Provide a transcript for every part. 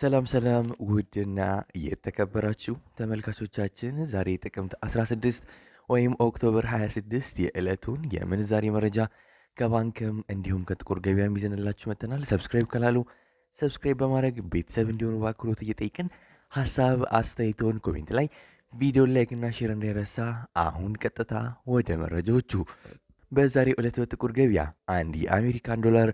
ሰላም ሰላም ውድና የተከበራችሁ ተመልካቾቻችን ዛሬ ጥቅምት 16 ወይም ኦክቶበር 26 የዕለቱን የምንዛሬ መረጃ ከባንክም እንዲሁም ከጥቁር ገበያም ይዘንላችሁ መጥተናል። ሰብስክራይብ ካላሉ ሰብስክራይብ በማድረግ ቤተሰብ እንዲሆኑ በአክብሮት እየጠየቅን ሀሳብ አስተያየቶን ኮሜንት ላይ ቪዲዮ ላይክ እና ሼር እንዳይረሳ። አሁን ቀጥታ ወደ መረጃዎቹ። በዛሬው ዕለት በጥቁር ገበያ አንድ የአሜሪካን ዶላር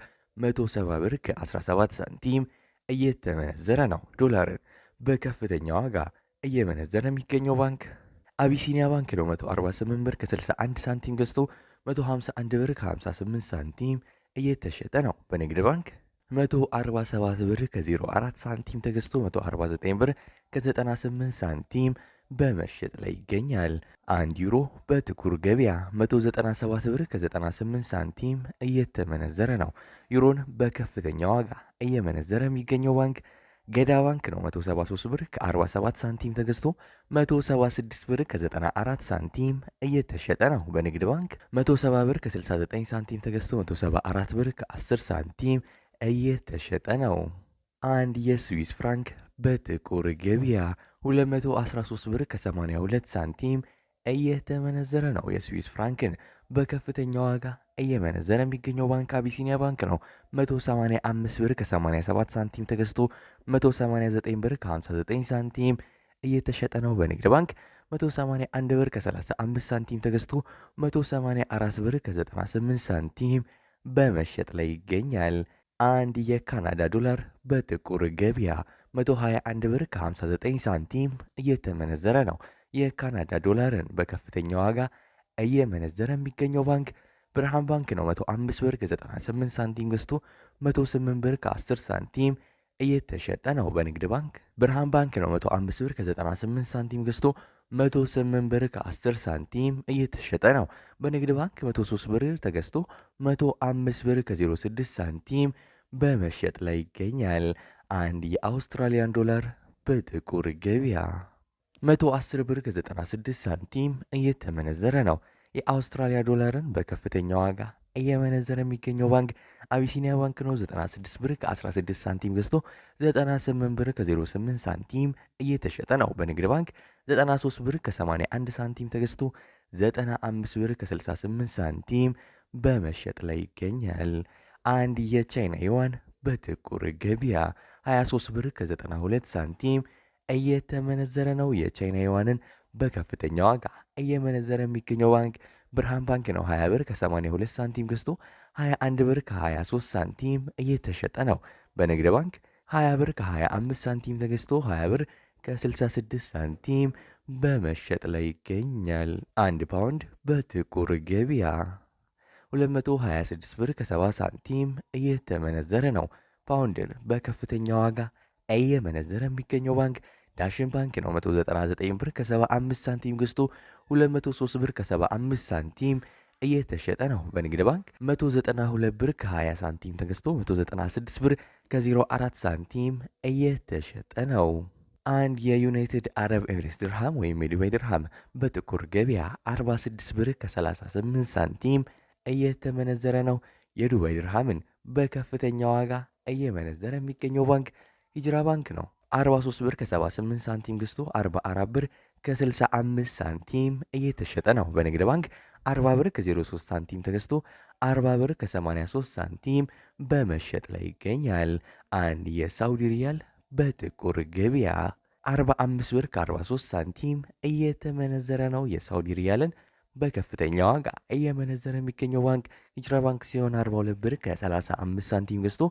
170 ብር ከ17 ሳንቲም እየተመነዘረ ነው። ዶላርን በከፍተኛ ዋጋ እየመነዘረ የሚገኘው ባንክ አቢሲኒያ ባንክ ነው። 148 ብር ከ61 ሳንቲም ገዝቶ 151 ብር ከ58 ሳንቲም እየተሸጠ ነው። በንግድ ባንክ 147 ብር ከ04 ሳንቲም ተገዝቶ 149 ብር ከ98 ሳንቲም በመሸጥ ላይ ይገኛል። አንድ ዩሮ በጥቁር ገበያ 197 ብር ከ98 ሳንቲም እየተመነዘረ ነው። ዩሮን በከፍተኛ ዋጋ እየመነዘረ የሚገኘው ባንክ ገዳ ባንክ ነው። 173 ብር ከ47 ሳንቲም ተገዝቶ 176 ብር ከ94 ሳንቲም እየተሸጠ ነው። በንግድ ባንክ 170 ብር ከ69 ሳንቲም ተገዝቶ 174 ብር ከ10 ሳንቲም እየተሸጠ ነው። አንድ የስዊስ ፍራንክ በጥቁር ገበያ 213 ብር ከ82 ሳንቲም እየተመነዘረ ነው። የስዊስ ፍራንክን በከፍተኛ ዋጋ እየመነዘረ የሚገኘው ባንክ አቢሲኒያ ባንክ ነው። 185 ብር ከ87 ሳንቲም ተገዝቶ 189 ብር ከ59 ሳንቲም እየተሸጠ ነው። በንግድ ባንክ 181 ብር ከ35 ሳንቲም ተገዝቶ 184 ብር ከ98 ሳንቲም በመሸጥ ላይ ይገኛል። አንድ የካናዳ ዶላር በጥቁር ገበያ 121 ብር ከ59 ሳንቲም እየተመነዘረ ነው። የካናዳ ዶላርን በከፍተኛ ዋጋ እየመነዘረ የሚገኘው ባንክ ብርሃን ባንክ ነው። 105 ብር ከ98 ሳንቲም ገዝቶ 108 ብር ከ10 ሳንቲም እየተሸጠ ነው። በንግድ ባንክ ብርሃን ባንክ ነው 105 ብር ከ98 ሳንቲም ገዝቶ 108 ብር ከ10 ሳንቲም እየተሸጠ ነው። በንግድ ባንክ 103 ብር ተገዝቶ 105 ብር ከ06 ሳንቲም በመሸጥ ላይ ይገኛል። አንድ የአውስትራሊያን ዶላር በጥቁር ገበያ 110 ብር ከ96 ሳንቲም እየተመነዘረ ነው። የአውስትራሊያ ዶላርን በከፍተኛ ዋጋ እየመነዘረ የሚገኘው ባንክ አቢሲኒያ ባንክ ነው። 96 ብር ከ16 ሳንቲም ገዝቶ 98 ብር ከ08 ሳንቲም እየተሸጠ ነው። በንግድ ባንክ 93 ብር ከ81 ሳንቲም ተገዝቶ 95 ብር ከ68 ሳንቲም በመሸጥ ላይ ይገኛል። አንድ የቻይና ዩዋን በጥቁር ገበያ 23 ብር ከ92 ሳንቲም እየተመነዘረ ነው። የቻይና ዩዋንን በከፍተኛ ዋጋ እየመነዘረ የሚገኘው ባንክ ብርሃን ባንክ ነው። 20 ብር ከ82 ሳንቲም ገዝቶ 21 ብር ከ23 ሳንቲም እየተሸጠ ነው። በንግድ ባንክ 20 ብር ከ25 ሳንቲም ተገዝቶ 20 ብር ከ66 ሳንቲም በመሸጥ ላይ ይገኛል። አንድ ፓውንድ በጥቁር ገበያ 226 ብር ከ70 ሳንቲም እየተመነዘረ ነው። ፓውንድን በከፍተኛ ዋጋ እየመነዘረ የሚገኘው ባንክ ዳሽን ባንክ ነው። 199 ብር ከ75 ሳንቲም ገዝቶ 203 ብር ከ75 ሳንቲም እየተሸጠ ነው። በንግድ ባንክ 192 ብር ከ20 ሳንቲም ተገዝቶ 196 ብር ከ04 ሳንቲም እየተሸጠ ነው። አንድ የዩናይትድ አረብ ኤምሬትስ ድርሃም ወይም የዱባይ ድርሃም በጥቁር ገበያ 46 ብር ከ38 ሳንቲም እየተመነዘረ ነው። የዱባይ ድርሃምን በከፍተኛ ዋጋ እየመነዘረ የሚገኘው ባንክ ሂጅራ ባንክ ነው። 43 ብር ከ78 ሳንቲም ገዝቶ 44 ብር ከ65 ሳንቲም እየተሸጠ ነው። በንግድ ባንክ 40 ብር ከ03 ሳንቲም ተገዝቶ 40 ብር ከ83 ሳንቲም በመሸጥ ላይ ይገኛል። አንድ የሳውዲ ሪያል በጥቁር ገበያ 45 ብር ከ43 ሳንቲም እየተመነዘረ ነው። የሳውዲ ሪያልን በከፍተኛ ዋጋ እየመነዘረ የሚገኘው ባንክ ሂጅራ ባንክ ሲሆን 42 ብር ከ35 ሳንቲም ገዝቶ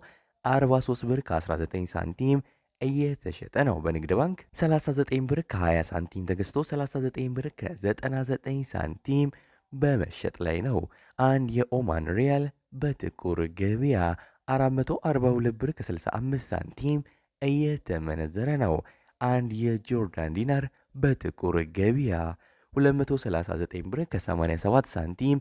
43 ብር ከ19 ሳንቲም እየተሸጠ ነው። በንግድ ባንክ 39 ብር ከ20 ሳንቲም ተገዝቶ 39 ብር ከ99 ሳንቲም በመሸጥ ላይ ነው። አንድ የኦማን ሪያል በጥቁር ገበያ 442 ብር ከ65 ሳንቲም እየተመነዘረ ነው። አንድ የጆርዳን ዲናር በጥቁር ገበያ 239 ብር ከ87 ሳንቲም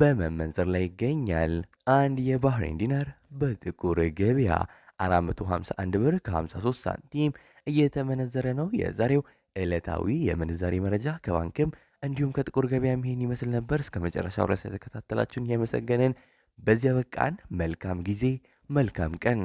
በመመንዘር ላይ ይገኛል። አንድ የባህሬን ዲናር በጥቁር ገበያ 451 ብር ከ53 ሳንቲም እየተመነዘረ ነው። የዛሬው ዕለታዊ የምንዛሬ መረጃ ከባንክም እንዲሁም ከጥቁር ገበያ ይሄን ይመስል ነበር። እስከ መጨረሻው ድረስ የተከታተላችሁን እያመሰገንን በዚያ በቃን። መልካም ጊዜ፣ መልካም ቀን